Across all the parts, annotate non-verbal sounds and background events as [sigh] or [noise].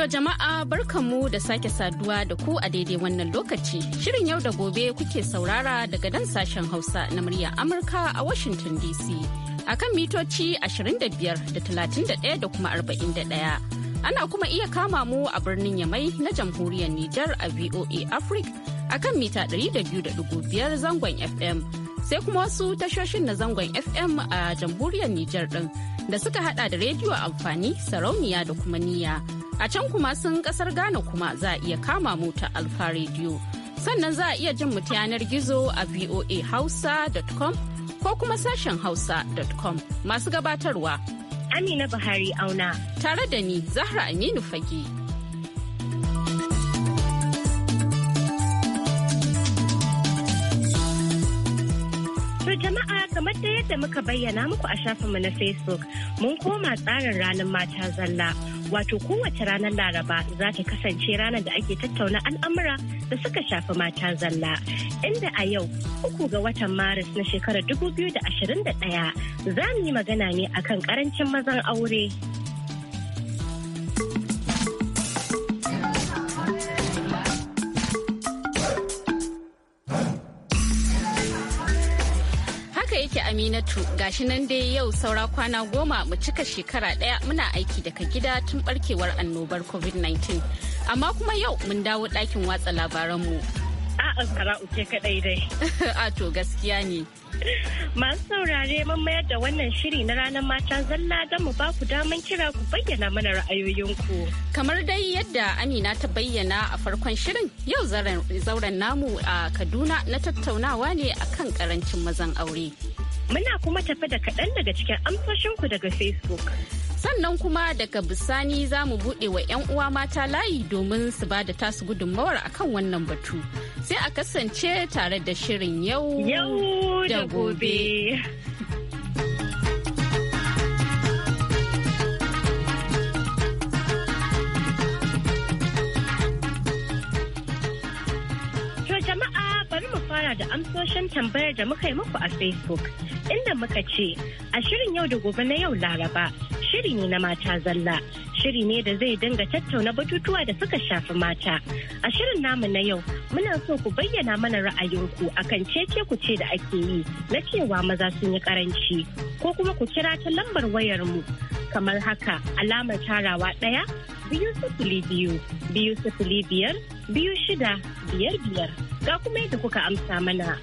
To jama'a mu da sake saduwa da ku a daidai wannan lokaci. Shirin yau da gobe kuke saurara daga nan sashen Hausa na murya Amurka a Washington DC. A kan mitoci 25 da 31 da kuma 41. Ana kuma iya kama mu a birnin Yamai na jamhuriyar Nijar a VOA Africa a kan mita 200.5 zangon FM. Sai kuma wasu tashoshin na zangon FM a jamhuriyar Nijar din da suka hada da rediyo amfani sarauniya da kuma niya. A can kuma sun kasar Ghana kuma za a iya kama mu ta Alfa rediyo Sannan za a iya jin mu ta yanar gizo a voahausa.com ko kuma sashen hausa.com masu gabatarwa. Amina Buhari auna. Tare da ni Zahra Aminu Fage. kamar da yadda muka bayyana muku a shafinmu na Facebook mun koma tsarin ranar mata zalla. Wato kowace ranar Laraba za ta kasance ranar da ake tattauna al'amura da suka shafi mata zalla. Inda a yau uku ga watan Maris na shekarar 2021 za mu yi magana ne akan karancin mazan aure. Aminatu gashi nan dai yau saura kwana goma mu cika shekara ɗaya muna aiki daga gida tun barkewar annobar COVID-19. Amma kuma yau mun dawo ɗakin watsa labaranmu. A'a Sara'u kadai dai. [laughs] A to gaskiya ne. Masu saurare mun mayar da wannan shiri na ranar mata zalla don mu ba ku daman kira ku bayyana mana ra'ayoyinku. Kamar dai yadda Amina ta bayyana a farkon shirin yau zauren namu a Kaduna na tattaunawa ne akan karancin mazan aure. Muna kuma tafi da kaɗan daga cikin amsoshinku daga Facebook. sannan kuma daga bisani za mu buɗe wa 'yan uwa mata layi domin su ba da tasu gudunmawar akan wannan batu sai a kasance tare da shirin yau da gobe jama'a bari mu fara da amsoshin tambayar da muka yi muku a facebook inda muka ce a shirin yau da gobe na yau laraba shiri ne na mata zalla. Shiri ne da zai dinga tattauna batutuwa da suka shafi mata. A shirin namu na yau muna so ku bayyana mana ra'ayinku akan cece ku ce da ake yi na cewa maza sun yi karanci ko kuma ku kira ta lambar wayar mu kamar haka alamar tarawa ɗaya biyu sifili biyu biyu sifili biyar biyu shida biyar biyar ga kuma yadda kuka amsa mana.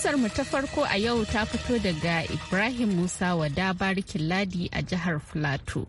Amsar mu ta farko a yau ta fito daga Ibrahim Musa wada barikin ladi a jihar Filato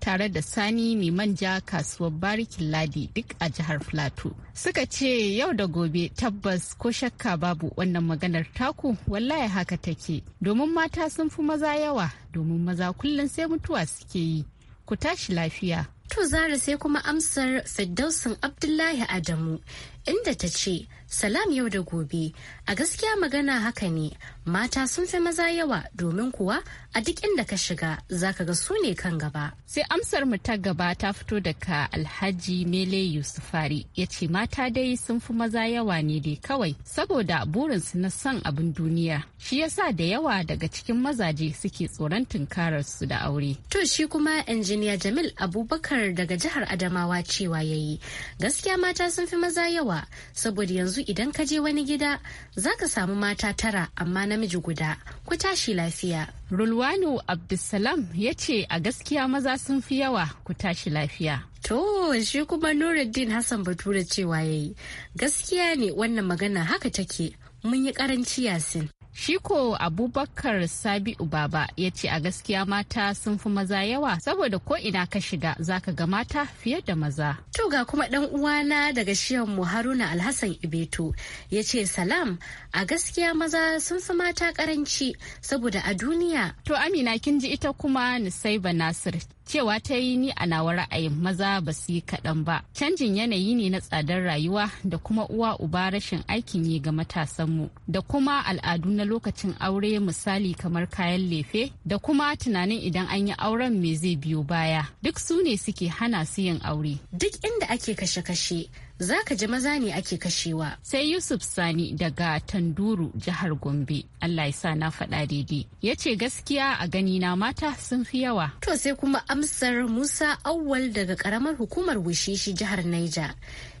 tare da Sani mai manja kasuwar barikin ladi duk a jihar Filato. Suka ce yau da gobe tabbas ko shakka babu wannan maganar taku wallahi haka take. Domin mata sun fi maza yawa domin maza kullum sai mutuwa suke yi. Ku tashi lafiya. To zara sai kuma amsar Firdausin Abdullahi Adamu inda ta ce salam yau da gobe a gaskiya magana haka ne mata sun fi maza yawa domin kuwa a duk inda ka shiga zaka ga su ne kan gaba sai amsar mu ta gaba ta fito daga alhaji mele yusufari ya ce mata dai sun fi maza yawa ne dai kawai saboda burinsu na son abin duniya shi yasa da yawa daga cikin mazaje suke tsoron tunkarar su da aure to shi kuma injiniya jamil abubakar daga jihar adamawa cewa yayi gaskiya mata sun fi maza yawa yawa saboda yanzu idan ka je wani gida za ka samu mata tara amma namiji guda ku tashi lafiya. Rulwanu Abdulsalam ya ce a gaskiya maza sun fi yawa ku tashi lafiya. To shi kuma Nuruddin Hassan Bature cewa ya yi gaskiya ne wannan magana haka take mun yi karanci yasin. Shi ko Abubakar Sabi'u Baba ya ce a gaskiya mata sun fi maza yawa saboda ko ina ka shiga zaka ga mata fiye da maza. To ga kuma dan uwana daga shiyan mu Haruna Alhassan Ibeto ya ce salam a gaskiya maza sun fi mata karanci saboda a duniya. To Amina kin ji ita kuma Nusaiba Nasir cewa ta yi ni a nawa ra'ayin maza ba su yi kaɗan ba canjin yanayi ne na tsadar rayuwa da kuma uwa uba rashin aikin yi ga matasanmu da kuma al'adu na lokacin aure misali kamar kayan lefe da kuma tunanin idan an yi auren me zai biyo baya duk su ne suke hana su yin aure duk inda ake kashe-kashe za ka ji maza ne ake kashewa. Sai Yusuf Sani daga Tanduru jihar Gombe, Allah ya sa na faɗa daidai. Ya ce gaskiya a gani na mata sun fi yawa. To sai kuma amsar Musa Awwal daga ƙaramar hukumar Wushishi jihar Naija.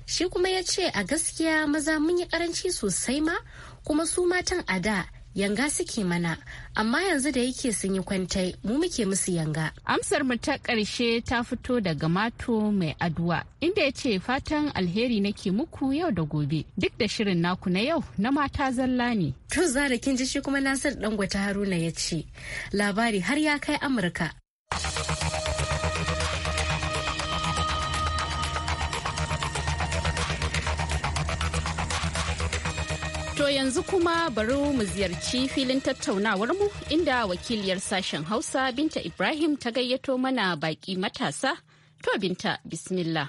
Shi kuma ya ce a gaskiya maza mun yi ƙaranci sosai ma, kuma su matan a da yanga suke mana amma yanzu da yake sun yi kwantai mu muke musu yanga. Amsar mu ta ƙarshe ta fito daga mato mai aduwa inda ya ce fatan alheri nake muku yau da gobe duk da shirin naku na yau na mata zalla ne. To za kin ji shi kuma Nasir Dangote Haruna ya ce labari har ya kai Amurka. To yanzu kuma bari mu ziyarci filin tattaunawar mu inda wakiliyar sashen Hausa Binta Ibrahim ta gayyato mana baki matasa. To Binta, bismillah.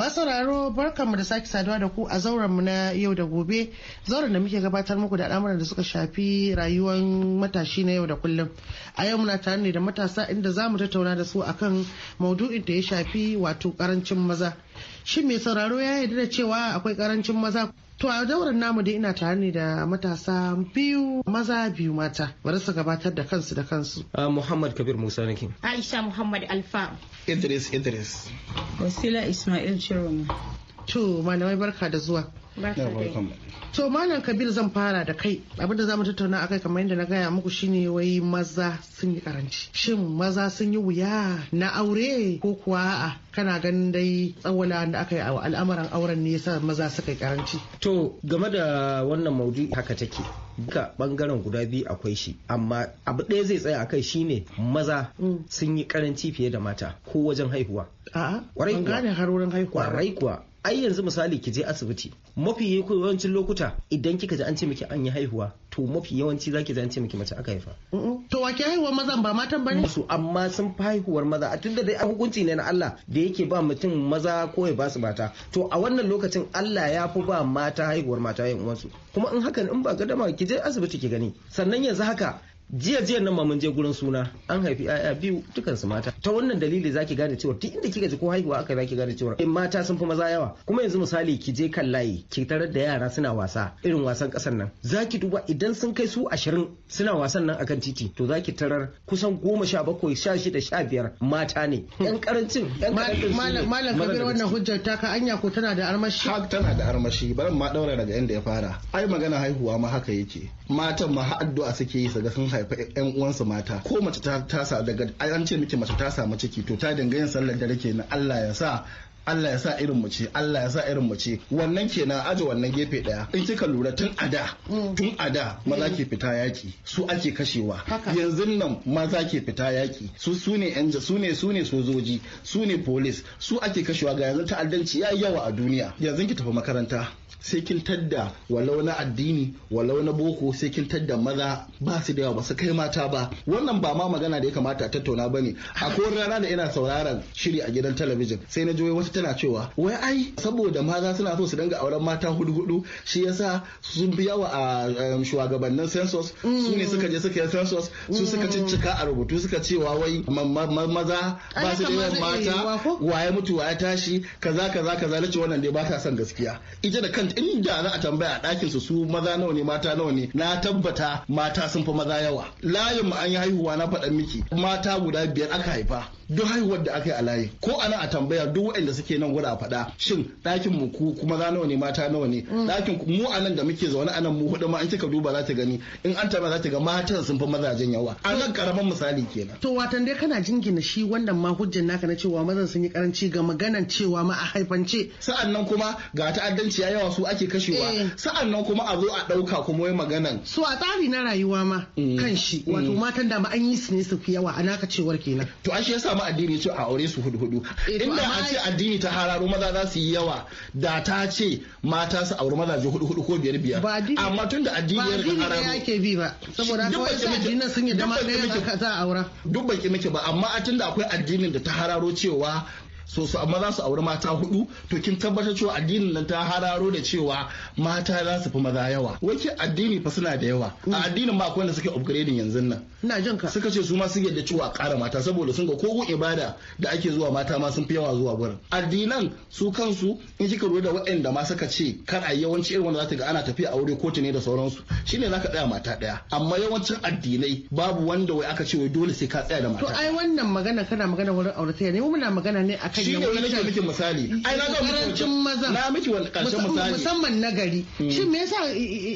Masauraro barkanmu da sake saduwa da ku a zaurenmu na yau da gobe zauren da muke gabatar muku da al'amuran da suka shafi rayuwar matashi na yau da kullum. A yau muna tare ne da matasa inda za mu tattauna da su akan maudu'in da ya shafi wato karancin maza. Shin mai sauraro ya yarda da cewa akwai karancin maza To a daurar namu dai ina tare ne da matasa biyu maza biyu mata bari su gabatar da kansu da kansu. Ah, Muhammad Kabir Musa nake. Aisha Muhammad Alfa. Idris Idris. Wasila Ismail Chiroma. To malamai barka da zuwa. so malam kabir zan fara da kai abinda zamu tattauna akai kamar yadda na gaya muku shine wai maza sun yi karanci shin maza sun yi wuya na aure ko kuwa a'a kana ganin dai tsawala da aka yi a al'amuran auren ne yasa maza suka yi karanci to game da wannan maudu haka take duka bangaren guda biyu akwai shi amma abu ɗaya zai tsaya akai shine maza mm. sun yi karanci fiye da mata ko wajen haihuwa a'a kwarai kuwa ai yanzu misali ki je asibiti mafi yawancin lokuta idan kika ji an ce miki an yi haihuwa to mafi yawanci zaki ji an ce miki mace aka haifa to wa ki haihuwar mazan ba matan bane su amma sun fi haihuwar maza a tunda dai hukunci ne na Allah da yake ba mutum maza ko ya ba su mata to a wannan lokacin Allah ya fi ba mata haihuwar mata yin uwansu kuma in hakan in ba gadama ki je asibiti ki gani sannan yanzu haka jiya jiya nan ma mun je gurin suna an haifi yaya biyu su mata ta wannan dalili zaki gane cewa duk inda kika ji ko haihuwa aka zaki gane cewa in mata sun fi maza yawa kuma yanzu misali ki je kan layi ki tarar da yara suna wasa irin wasan kasar nan zaki duba idan sun kai su ashirin suna wasan nan akan titi to zaki tarar kusan goma sha bakwai sha shida sha biyar mata ne yan karancin yan karancin malam kabir wannan hujjar ka anya ko tana da armashi har tana da armashi bari ma daura daga inda ya fara ai magana haihuwa ma haka yake matan ma har addu'a suke yi su ga sun haifa yan uwansa mata ko mace ta tasa daga an ce miki mace ta samu ciki to ta dinga yin sallar dare kenan Allah ya sa Allah ya sa irin mu ce Allah ya sa irin mu ce wannan kenan aje wannan gefe daya in kika lura tun a da mm. tun a da maza mm. ke fita yaki su ake kashewa yanzu nan maza ke fita yaki su sune ne yan su ne su ne sojoji su ne police su ake kashewa ga yanzu ta'addanci yayi yawa a duniya yanzu ki tafi makaranta sai kin tadda walau na addini walau na boko sai kin tadda maza ba su da yawa ba su kai mata ba wannan ba ma magana da ya kamata a tattauna ba ne A kowar rana da ina sauraron shiri a gidan talabijin sai na ji wata tana cewa wai ai saboda maza suna so su dinga auren mata hudu hudu shi yasa sun fi yawa a um, shugabannin census su ne suka je suka yi census su suka mm. ciccika a rubutu suka cewa wai maza ba su da yawan eh, mata waye mutu waye tashi kaza kaza kaza nace wannan dai ba ta son gaskiya ita da kan kusan inda za a tambaya a ɗakin su su maza nawa ne mata nawa ne na tabbata mata sun fi maza yawa layin mu an yi haihuwa na faɗa miki mata guda biyar aka haifa duk haihuwar da aka yi a layi ko ana a tambaya duk waɗanda suke nan gura a faɗa shin ɗakin mu ku kuma za nawa ne mata nawa ne mm. ɗakin mu a nan da muke zaune a nan mu hudu ma an kika duba za ta gani in an taba za ta ga matan sun fi mazajen yawa a nan karaman misali kenan. to watan dai kana jingina shi wannan ma hujjan naka na cewa mazan sun yi karanci ga maganan cewa ma a haifance. sa'an nan kuma ga ta'addanci ya yawa su ake kashewa eh. sa'an nan kuma a zo a ɗauka kuma wai maganan. su a tsari na rayuwa ma mm. kan shi wato mm. matan da ma an yi su ne su fi yawa a naka cewar kenan. to shi yasa zama addini ya ce a aure su hudu hudu eh, inda a ce addini ta hararo maza za su yi yawa da ta ce mata su aure mazaje hudu hudu ko biyar biyar amma tun da addini ya riga hararo ba ake bi ba saboda haka wasu addini sun yi dama ɗaya za a aura duk baki muke ba amma a tun da akwai addinin da ta hararo cewa so su amma za su auri mata hudu to kin tabbatar cewa addinin nan ta hararo da cewa mata za su fi maza yawa wace addini fa suna da yawa a mm. addinin ma akwai wanda suke upgrading yanzu nan ina jin ka suka ce su ma su yadda cewa ƙara mata saboda sun ga kogon ibada da ake zuwa mata ma sun fi yawa zuwa gurin addinan su kansu in kika lura da waɗanda ma suka ce kar a yawanci irin wanda za ta ga ana tafiya aure kotu ne da sauransu shine zaka tsaya mata daya amma yawancin addinai babu wanda wai aka ce wai dole sai ka tsaya da mata to ai wannan magana kana magana wurin auratayya ne muna magana ne akan akan yawan shi ne miki misali ai na ga karancin maza na miki wani karshen misali musamman na gari hmm. shi me yasa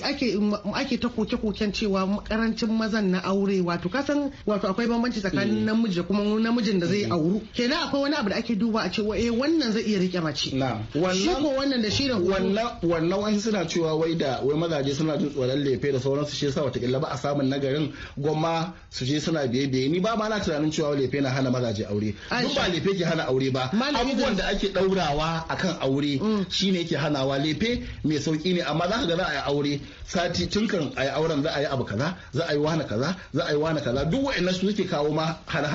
ake ake ta koke koken cewa karancin mazan na aure wato kasan wato akwai bambanci tsakanin hmm. namiji da kuma namijin da zai hmm. auru kenan akwai wani abu da ake duba a cewa wa eh wannan zai iya rike mace shi ko wannan da shi da wannan wannan wani suna cewa wai da wai mazaje suna jin tsoron lefe da sauransu shi yasa watakila ba a samun nagarin goma su je suna biye biye ni ba ma na tunanin cewa lefe na hana mazaje aure duk ba lefe ke hana aure ba abubuwan da ake daurawa akan aure mm. shine yake hanawa lefe mai sauki ne amma za ka ga a yi aure sati tun kan a yi auren za a yi abu kaza za a yi wani kaza za a yi wani kaza duk wa'annan su suke kawo ma hana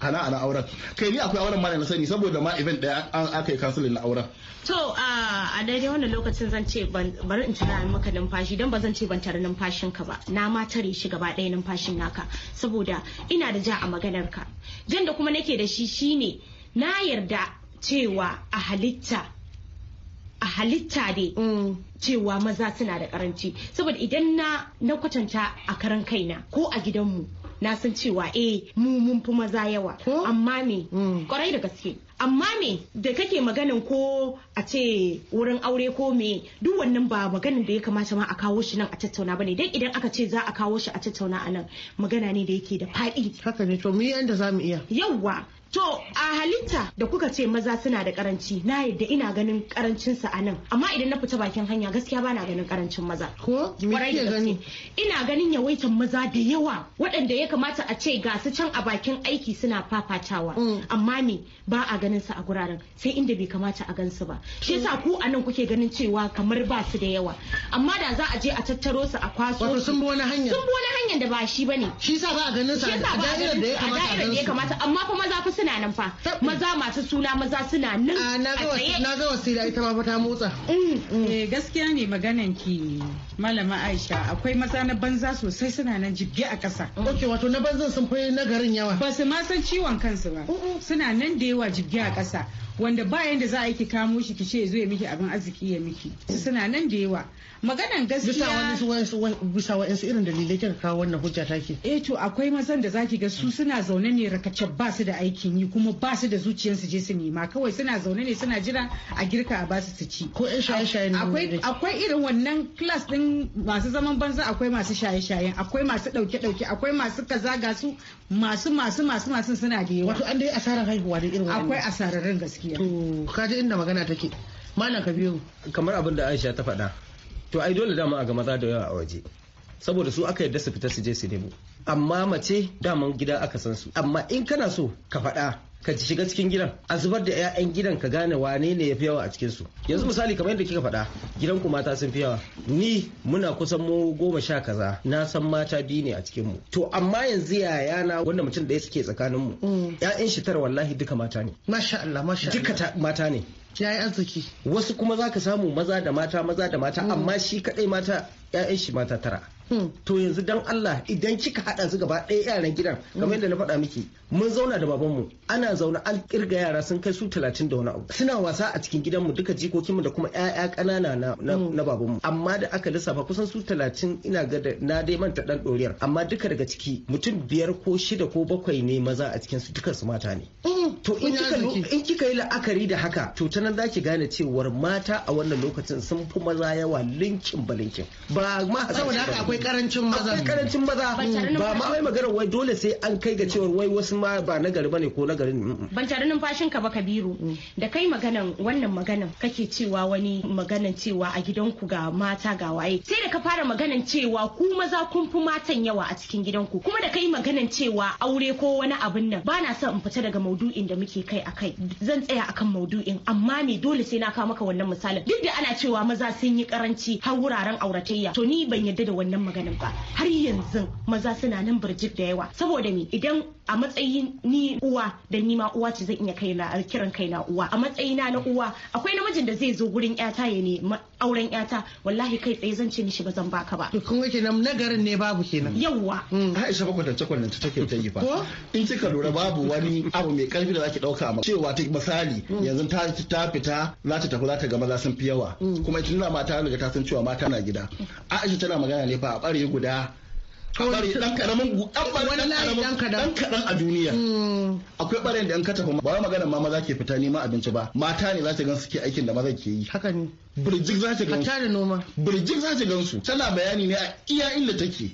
hana auren kai ni akwai auren ma na sani saboda ma event daya an aka yi kansilin na auren to a daidai wannan lokacin zan ce bari in tara maka numfashi don ba zan ce ban tare numfashin ka ba na ma tare shi gaba ɗaya numfashin naka saboda ina da ja a maganar ka jan da kuma nake da shi shine na yarda cewa a halitta a halitta dai mm. cewa maza suna da karanci saboda idan na na kwatanta a karan kaina ko a gidanmu na san cewa eh mu mun fi maza yawa amma me kwarai mm. da gaske amma me da kake maganan ko a ce wurin aure ko me duk wannan ba maganan da ya kamata ma a kawo shi nan a tattauna bane dan idan aka ce za a kawo shi a tattauna a nan magana ne da yake da faɗi haka ne to mu yanda zamu iya yawa To a halitta da kuka ce maza suna da karanci na yadda ina ganin karancin sa anan amma idan na fita bakin hanya gaskiya bana ganin karancin maza. Ko kwarai da gaske. Ina ganin yawaitan maza da yawa waɗanda ya kamata a ce ga su can a bakin aiki suna fafatawa mm. amma me ba a ganin su a guraren sai inda bai kamata a gansu ba. Shi mm. yasa ku anan kuke ganin cewa kamar ba su da yawa amma da za a je a tattaro su a kwaso. Wato sun bi wani hanya. Sun bi wani hanyar da ba shi bane. Shi yasa ba a ganin su a da'irar da ya kamata a Amma fa maza fa suna nan fa maza masu suna maza suna nan ah, a na ga wasila ita ma ta motsa mm, mm. eh gaskiya ne maganan ki malama Aisha akwai maza na banza sosai suna nan jibge a kasa okay wato na banzan sun fi na garin yawa ba su ma san ciwon kansu ba mm, suna nan da yawa jibge a kasa wanda ba yanda za a yi kamo shi ki ce zo ya miki abin arziki ya miki suna nan da yawa maganan gaskiya bisa wa'in su irin dalilai kika kawo wannan hujja take eh to akwai mazan da zaki ga su suna zaune ne rakace ba su da aikin yi kuma ba su da zuciyar su je su nema kawai suna zaune ne suna jira a girka a basu su ci ko in shaye-shaye ne akwai akwai irin wannan class din masu zaman banza akwai masu shaye-shayen akwai masu dauke-dauke akwai masu kaza ga su masu masu masu masu suna da yawa wato an dai asarar haihuwa da irin akwai asararin gaskiya gaskiya to kaji inda magana take malam kabiru kamar abin da aisha ta faɗa to ai dole dama a ga maza da yawa a waje saboda su aka yarda su fita su je su nemo amma mace daman gida aka san su amma in kana so ka faɗa ka shiga cikin gidan a zubar da 'ya'yan gidan ka gane wane ne ya fi yawa a cikin yanzu misali kamar yadda kika faɗa gidan ku mata sun fi yawa ni muna kusan mu goma sha kaza na san mata biyu ne a cikin mu to amma yanzu yaya na wanda mutum ɗaya suke tsakanin mu 'ya'yan mm. shi tara wallahi duka mata ne masha Allah masha duka mata ne ya yi arziki wasu kuma za ka samu maza da mata maza da mata mm. amma shi kaɗai mata 'ya'yan shi mata tara to yanzu dan Allah idan kika haɗa su gaba ɗaya yaran gidan kamar yadda na faɗa miki mun zauna da babanmu ana zauna an kirga yara sun kai su talatin da wani abu suna wasa a cikin gidanmu duka jikokinmu da kuma 'ya'ya ƙanana mm. na babanmu amma da aka lissafa kusan su talatin ina ga na dai manta dan ɗoriyar amma duka daga ciki mutum biyar ko shida ko bakwai ne maza a cikin su duka mata ne. Mm. to in kika yi la'akari da haka to ta nan zaki gane cewar mata a wannan lokacin sun fi maza yawa linkin ba linkin ba ma saboda haka akwai karancin maza akwai karancin maza ba ma wai magana wai dole sai an kai ga cewar wai wasu ma ba na gari bane ko na gari ban tare numfashin ka ba kabiru mm. da kai maganan wannan maganan kake cewa wani maganan cewa a gidanku ga mata ga waye sai da ka fara maganan cewa ku maza kun fi matan yawa a cikin gidanku kuma da kai maganan cewa aure ko wani abin nan ba na son in fita daga maudu'i maudu'in da muke kai akai zan tsaya akan maudu'in amma me dole sai na kawo maka wannan misalin duk da ana cewa maza sun yi karanci har wuraren auratayya to ni ban yadda da wannan maganin ba har yanzu maza suna nan birjik da yawa saboda me idan a matsayin ni uwa da ni ma uwa ce zan iya kai na kiran kai na uwa a matsayina na uwa akwai namijin da zai zo gurin yata ya ne auren yata wallahi kai tsaye zan ce mishi ba zan baka ba to kun yake nan nagarin ne babu kenan yawwa Aisha ba kwatance kwatance take ta yi fa in kika lura babu wani abu mai karfi da zaki dauka amma cewa ta misali yanzu ta ta fita za ta tafi za ta ga maza sun fi yawa mm. kuma ita tana mata daga ta san cewa mata na gida a mm. Aisha tana magana ne fa a bare guda kawai dan karamin dan karamin kadan a duniya mm. akwai barin da an ka tafi ba magana ma maza ke fita nema abinci ba mata ne za ta gan suke aikin da maza ke yi haka ne birjik za ta gansu da noma birjik za ta gansu tana bayani ne a iya inda take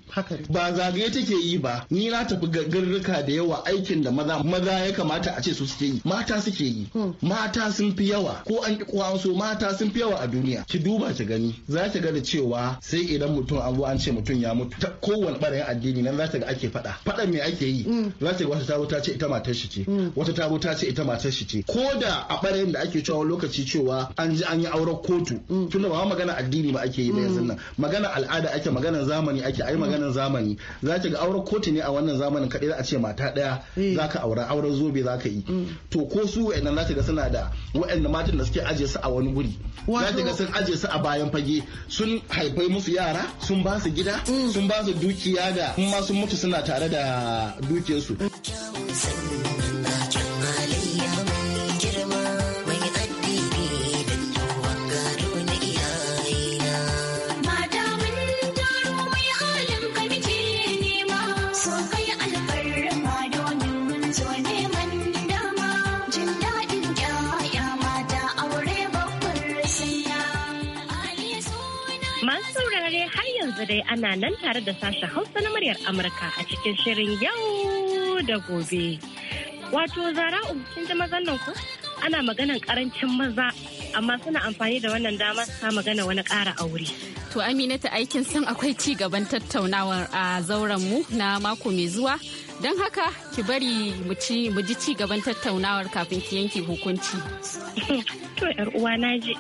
ba zagaye take yi ba ni na tafi garurruka da yawa aikin da maza maza ya kamata a ce su suke yi mata suke yi hmm. mata sun fi yawa ko an ki kuwa so mata sun fi yawa a duniya ki duba ki gani za ta ga da cewa sai idan mutum an zo an ce mutum ya mutu ta kowane ɓarayin addini nan za ta ga ake faɗa faɗan me ake yi hmm. za ta ga wata taro ta ce ita matar shi ce hmm. wata taro ta ce ita matar shi ce ko da a ɓarayin da ake cewa lokaci cewa an ji an yi auren kotu mutu tunda ba magana addini ba ake yi ba yanzu nan magana al'ada ake magana zamani ake ai magana zamani ki ga auren kotu ne a wannan zamanin kadai za a ce mata daya eh. ka aura auren zobe za ka yi mm. to ko su wa'annan ki ga suna da wa'annan matan da suke aje su a wani guri ki ga sun aje su a bayan fage sun haifai musu yara sun ba su gida mm. sun ba su dukiya da kuma sun mutu suna tare da dukiyarsu. Mm. Masu saurare har yanzu dai ana nan tare da sashen Hausa na muryar Amurka a cikin shirin yau da gobe. Wato zara kin ji mazan nan ku? Ana maganan karancin maza amma suna amfani da wannan dama ta magana wani ƙara aure. To Amina ta aikin san akwai ci gaban tattaunawar a zauren mu na mako mai zuwa. Don haka ki bari mu ji ci gaban tattaunawar kafin ki yanke hukunci. [laughs] To uwa na ji.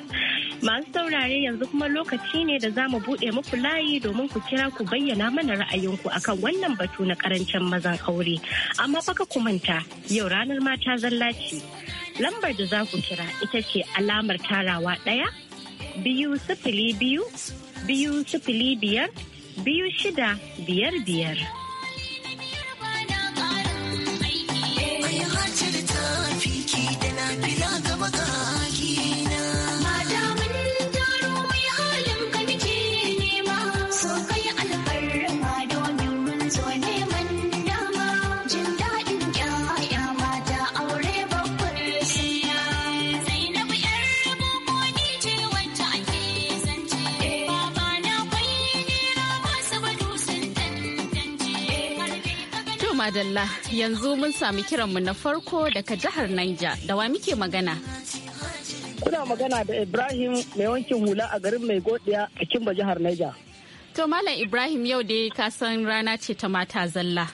Masu saurare yanzu kuma lokaci ne da za mu buɗe muku layi domin ku kira ku bayyana mana ra'ayinku akan wannan batu na karancin mazan aure. Amma baka ku manta yau ranar mata zallaci. Lambar da za ku kira ita ce alamar tarawa ɗaya biyu sifili biyu biyu sifili biyar biyu shida biyar biyar. Adalla yanzu mun sami kiranmu na farko daga jihar Naija da wa muke magana. Kuna magana da Ibrahim mai wankin hula a garin mai godiya a Kimba jihar Naija. To Malam Ibrahim yau dai ka san rana ce ta mata zalla.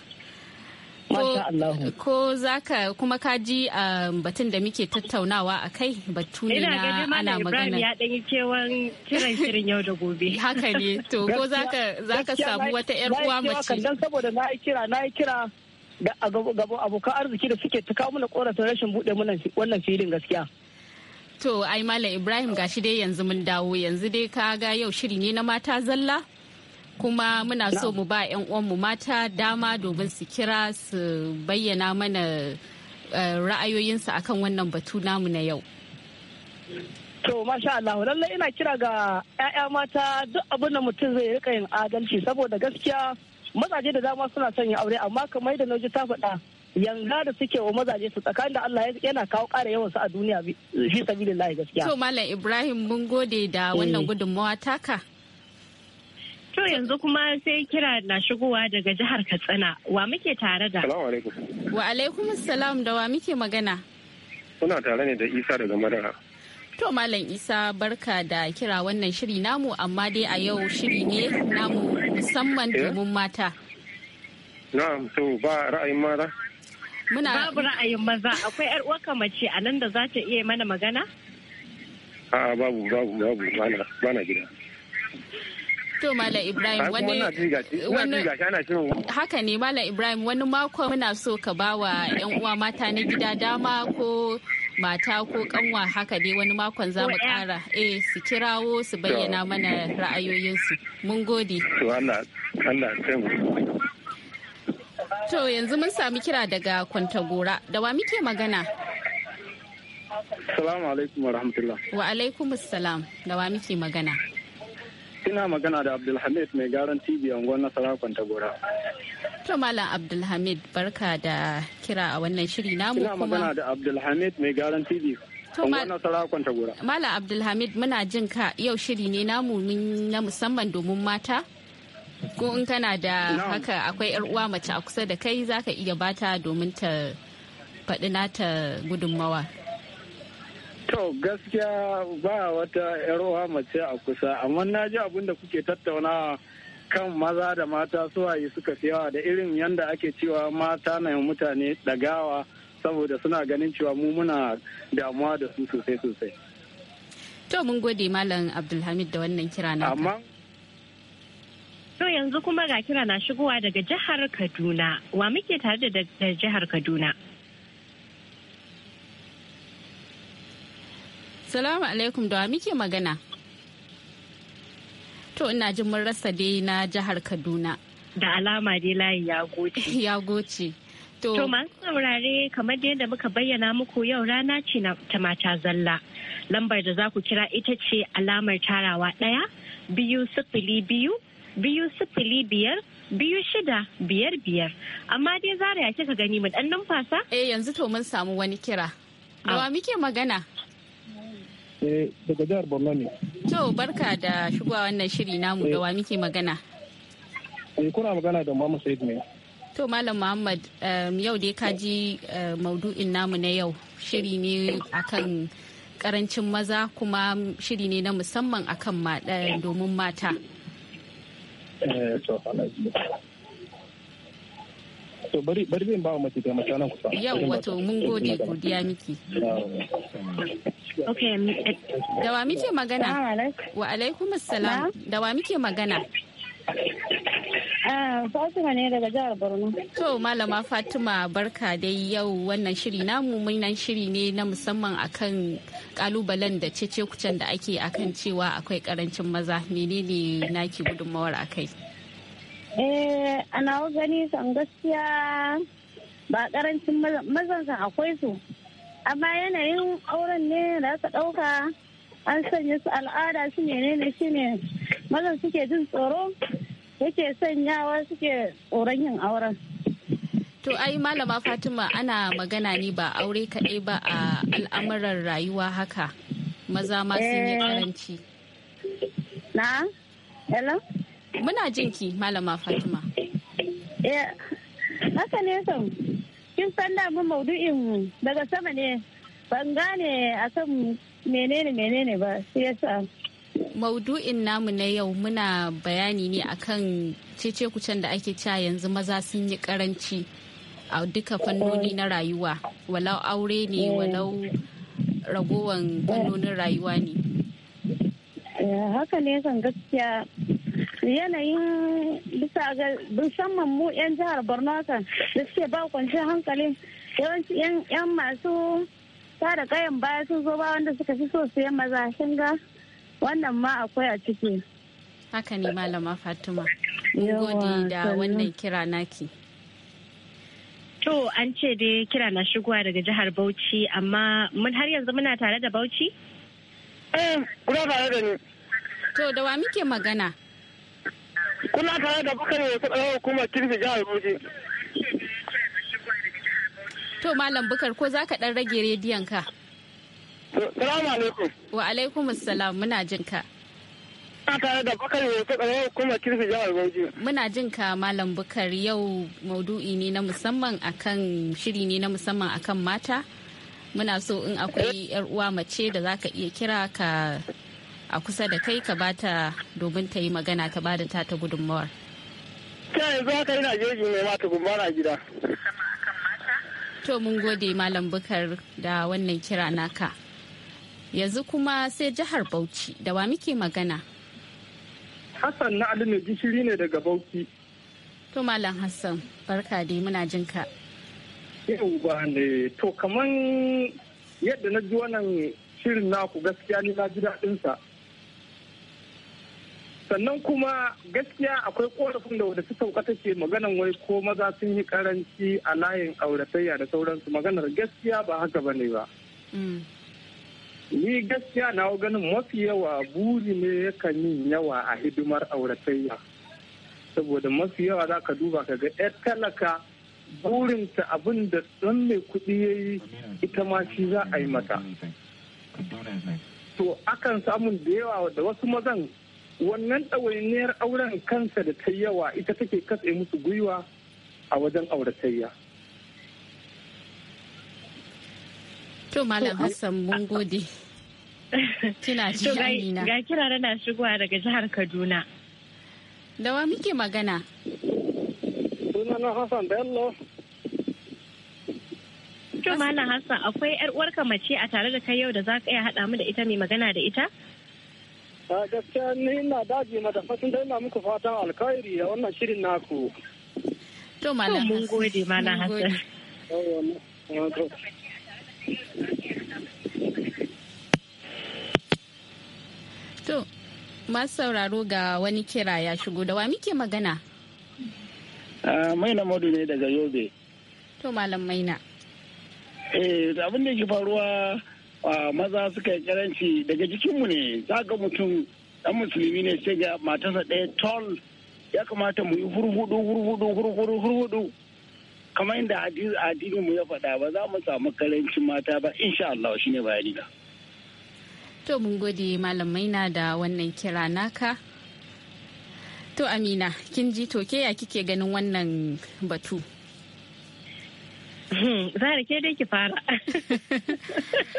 Ko za ka kuma ka ji ah, batun da muke tattaunawa a kai batu ne na ana magana. ya ɗanyi kewan kiran shirin yau da gobe. [laughs] Haka ne, to ko za ka samu wata 'yar uwa mace. Dan saboda na yi kira, na yi kira da abokan arziki da suke ta kawo mana korafin rashin buɗe wannan filin gaskiya. To ai Malam Ibrahim gashi dai yanzu mun dawo yanzu dai ka ga yau shiri ne na mata zalla kuma muna so mu ba 'yan uwanmu mata dama domin su kira su bayyana mana eh, ra'ayoyinsu akan wannan batu namu na yau. To masha Allah lallai ina kira ga 'ya'ya mata duk abin da mutum zai rika yin adalci saboda gaskiya mazaje da dama suna son yin aure amma kamar da nauji ta faɗa yanga da suke wa mazaje su tsakanin da Allah yana kawo ƙara yawan su a duniya shi sabilillahi gaskiya. To Malam Ibrahim mun gode da wannan eh. gudunmawa taka. To yanzu kuma sai kira na shigowa daga jihar Katsina. Wa muke tare da? Salamu alaikum. Wa alaikum salam da wa muke magana? Kuna tare ne da Isa daga Madara. To Malam Isa barka da kira wannan shiri namu amma dai a yau shiri ne namu musamman eh? domin mata. Na'am to ba ra'ayin maza? Muna babu ra'ayin maza akwai yar uwarka mace a nan da za ta iya mana magana? A babu babu babu bana gida. To Malam Ibrahim wani haka ne Malam Ibrahim wani mako muna so ka bawa 'yan uwa mata na gida dama ko mata ko kanwa haka dai wani makon za mu kara eh su kirawo su bayyana mana ra'ayoyinsu mun gode to yanzu mun sami kira daga kwantagora da wa muke magana salamu alaikum wa rahmatullah wa alaikum salam da wa muke magana ina magana da abdulhamid mai garan tv a unguwar nasara kwantagora To Malam Abdulhamid barka da kira a wannan shiri namu kuma. Ina magana da Abdulhamid mai gyaran TV. Malam Abdulhamid muna jin ka yau shiri ne namu na musamman domin mata. Ko in kana da haka akwai 'yar uwa mace a kusa da kai zaka iya bata domin ta faɗi nata gudunmawa. To gaskiya ba wata 'yar uwa mace a kusa amma na ji abin da kuke tattaunawa kan maza da mata suwaye suka fi yawa da irin yanda ake cewa mata na mutane dagawa saboda suna ganin cewa mu muna damuwa da su sosai sosai. To mun gode Malam Abdulhamid da wannan kira na. Amma To yanzu kuma ga kira na shigowa daga jihar Kaduna. Wa muke tare da jihar Kaduna? Salamu alaikum da wa muke magana? To ina jin mun rasa dai na jihar Kaduna. Da alama dai layi ya goce. [laughs] ya goce. To, masu saurare kamar yadda muka bayyana muku yau rana ce ta mata zalla. Lambar da za ku kira ita ce alamar tarawa ɗaya biyu sifili biyu biyu sifili biyar biyu shida biyar biyar. Amma dai zara ya kika gani mu ɗan numfasa? Eh yanzu to mun samu wani kira. Dawa ah. muke magana? Eh daga jihar Borno ne. To barka da shigowa wannan shiri namu da wa muke magana. Eh, kuna magana da Muhammad Said ne. To Malam Muhammad um, yau dai ka ji uh, maudu'in namu na yau shiri ne akan karancin maza kuma shiri ne na musamman akan eh, domin mata. Eh, to bari bari zan ba mace ta mata nan kusa yau wato mun gode godiya miki okay eh, da wa muke magana wa alaikum assalam da wa muke magana ah, Fatima ne daga jihar Borno. To Malama Fatima barka dai yau wannan shiri namu munan shiri ne na musamman akan kalubalen da cece kucen da ake akan cewa akwai karancin maza menene naki gudunmawar akai. kai. eh ana gani kan gaskiya ba karancin mazansa akwai su amma yanayin auren ne da aka ɗauka an sanya su al'ada shi ne ne shi ne mazan suke jin tsoro yake sanyawa suke tsoron yin auren To ai malama Fatima ana magana ne ba aure kaɗai ba a al'amuran rayuwa haka maza ma sun yi karanci. Eh. Na? Hello? Muna jin ki Malama Fatima. Eh, haka ne kam. Kin san da mu maudu'in daga sama ne. Ban gane akan menene menene ba, shi yasa. maudu'in namu na yau muna bayani ne akan cece-kucen da ake cewa yanzu maza sun yi karanci a duka fannoni na rayuwa walau aure ne eh. walau ragowan fannonin rayuwa ne eh, haka ne kan gaskiya yanayin bisa ga musamman mu 'yan jihar borno kan da suke ba kwanciyar hankali yawanci 'yan masu tada kayan baya sun zo ba wanda suka fi so su yi maza ga wannan ma akwai a ciki haka ne malama fatima gode da wannan kira naki to an ce dai kira na shigowa daga jihar bauchi amma mun har yanzu muna tare da bauchi eh kuna tare da ni to da wa muke magana kuna tare da bakar da ta hukumar kirfi jihar Bauchi. To Malam Bukar ko za ka ɗan rage rediyon ka? Salamu alaikum. Wa alaikum salam muna jin ka. Muna tare da Bukar da ta hukumar kirfi jihar Bauchi. Muna jin ka Malam Bukar yau maudu'i ne na musamman akan shiri ne na musamman akan mata. Muna so in akwai 'yar eh. uwa mace da za ka iya kira ka a kusa da kai ka bata domin ta yi magana ta bada ta ta gudunmawar. Ta yanzu haka ina jeji mai mata gumbana gida. To mun gode Malam Bukar da wannan kira naka. Yanzu kuma sai jihar Bauchi da wa muke magana. Hassan na Ali mai gishiri ne daga Bauchi. To Malam Hassan barka dai muna jin ka. Yau ba ne to kaman yadda na ji wannan shirin naku gaskiya ni na ji daɗinsa. sannan kuma gaskiya akwai korafin da wadda su sauka take maganan wai ko maza sun yi karanci a layin auratayya da sauransu maganar gaskiya ba haka ba ne ba mm. ni gaskiya na ganin mafi yawa buri ne yakan yi yawa a hidimar auratayya saboda mafi yawa za ka duba ka ga 'yar talaka burinta abin da don mai kuɗi ya yi ita ma shi za a yi mata to akan samun da yawa da wasu mazan wannan ɗawainiyar auren kansa da ta yawa ita take katse musu gwiwa a wajen auratayya. To Malam Hassan mun gode. Kina [laughs] ji Ga kira rana shigowa daga jihar Kaduna. Da wa muke magana? Sunana Hassan Bello. To Malam Hassan akwai 'yar uwarka mace a tare da kai yau da za ka iya haɗa mu da ita mai magana da ita? a gaskiya ni ina daji mata fatan da ina muku fatan alkhairi a wannan shirin naku to malam mun gode mana hasan to masu sauraro ga wani kira ya shigo da wa muke magana ah, maina modu ne daga yobe to malam maina eh abin da ke faruwa maza suka yi karanci daga jikinmu ne za ga mutum dan musulmi ne sai ga matarsa ɗaya tol ya kamata mu yi hurhudu hurhudu hurhudu hurhudu kamar yadda addinin mu ya faɗa ba za mu samu karancin mata ba insha Allah ne bayani na. to mun gode malamai na da wannan kira naka to amina kin ji to ke ya kike ganin wannan batu hmm, zara ke dai ki fara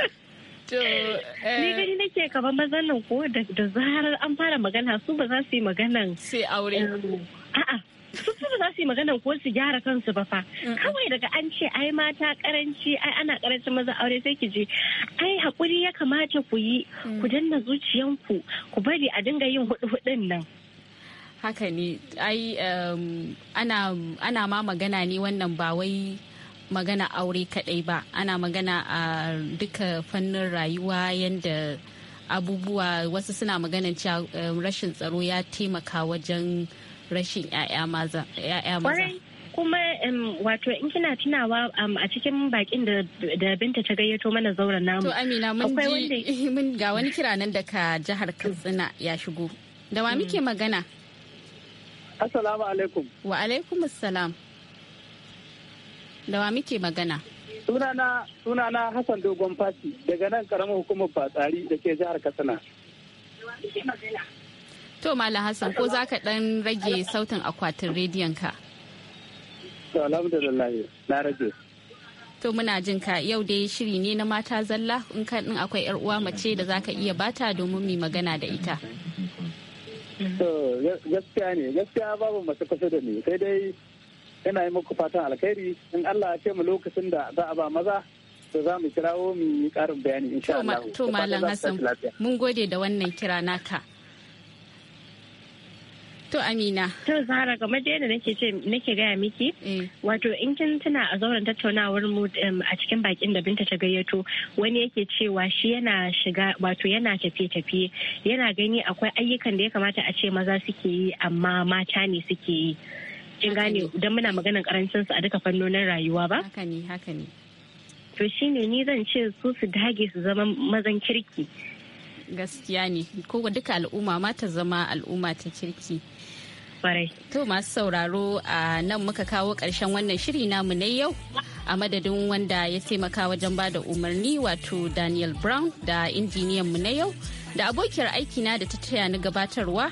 [laughs] Ni eh, gani nake kamar mazan ko da zarar an fara magana su ba za su yi maganan. Sai aure. Um, a'a. Su ba za su yi maganan ko su gyara kansu ba fa. Kawai daga an ce ai mata karanci ai ana karanci maza aure sai ki je. Ai hakuri ya kamata ku yi ku mm. danna zuciyanku ku bari a dinga yin hudu-hudun nan. Haka ne, ai um, ana ma magana ne wannan ba wai magana aure kadai ba ana magana a duka fannin rayuwa yadda abubuwa wasu suna maganin cewa um, rashin tsaro ya taimaka wajen rashin 'ya'ya maza kuma um, wato in kina tunawa um, a cikin bakin da binta ta gayyato mana zauren namu to amina [laughs] mun ga wani kira nan daga jihar katsina ya shigo da wa muke hmm. magana assalamu alaikum wa alaikum assalam Da wa muke magana? Sunana sunana Hassan Dogon Fati daga nan karamar hukumar Fatsari da ke jihar Katsina. To Malam Hassan ko za ka ɗan rage sautin akwatin rediyon ka? To alhamdulillah na rage. To muna jin ka yau dai shiri ne na mata zalla in kan din akwai yar uwa mace da zaka iya bata domin mu magana da ita. To gaskiya ne gaskiya babu mace kusa da ni sai dai yana yi muku fatan alkhairi in Allah ya ce mu lokacin da za a ba maza to za mu kirawo mu yi karin bayani insha Allah to malam Hassan mun gode da wannan kira naka To Amina. To Zara game da nake ce nake gaya miki eh. wato in kin tuna a zauren tattaunawar mu a cikin bakin da Binta ta gayyato wani yake cewa shi yana shiga wato yana tafiye tafiye yana gani akwai ayyukan da ya kamata a ce maza suke yi amma mata ne suke yi. kin gane idan muna maganar karancin su a duka fannonin rayuwa ba haka ne haka ne to shine ni zan ce su su dage su zama mazan kirki gaskiya ne ko duka al'umma ma ta zama al'umma ta kirki To masu sauraro a nan muka kawo ƙarshen wannan shiri namu na yau a madadin wanda ya taimaka wajen ba da umarni wato Daniel Brown da injiniyan mu na yau da abokiyar aikina da ta taya ni gabatarwa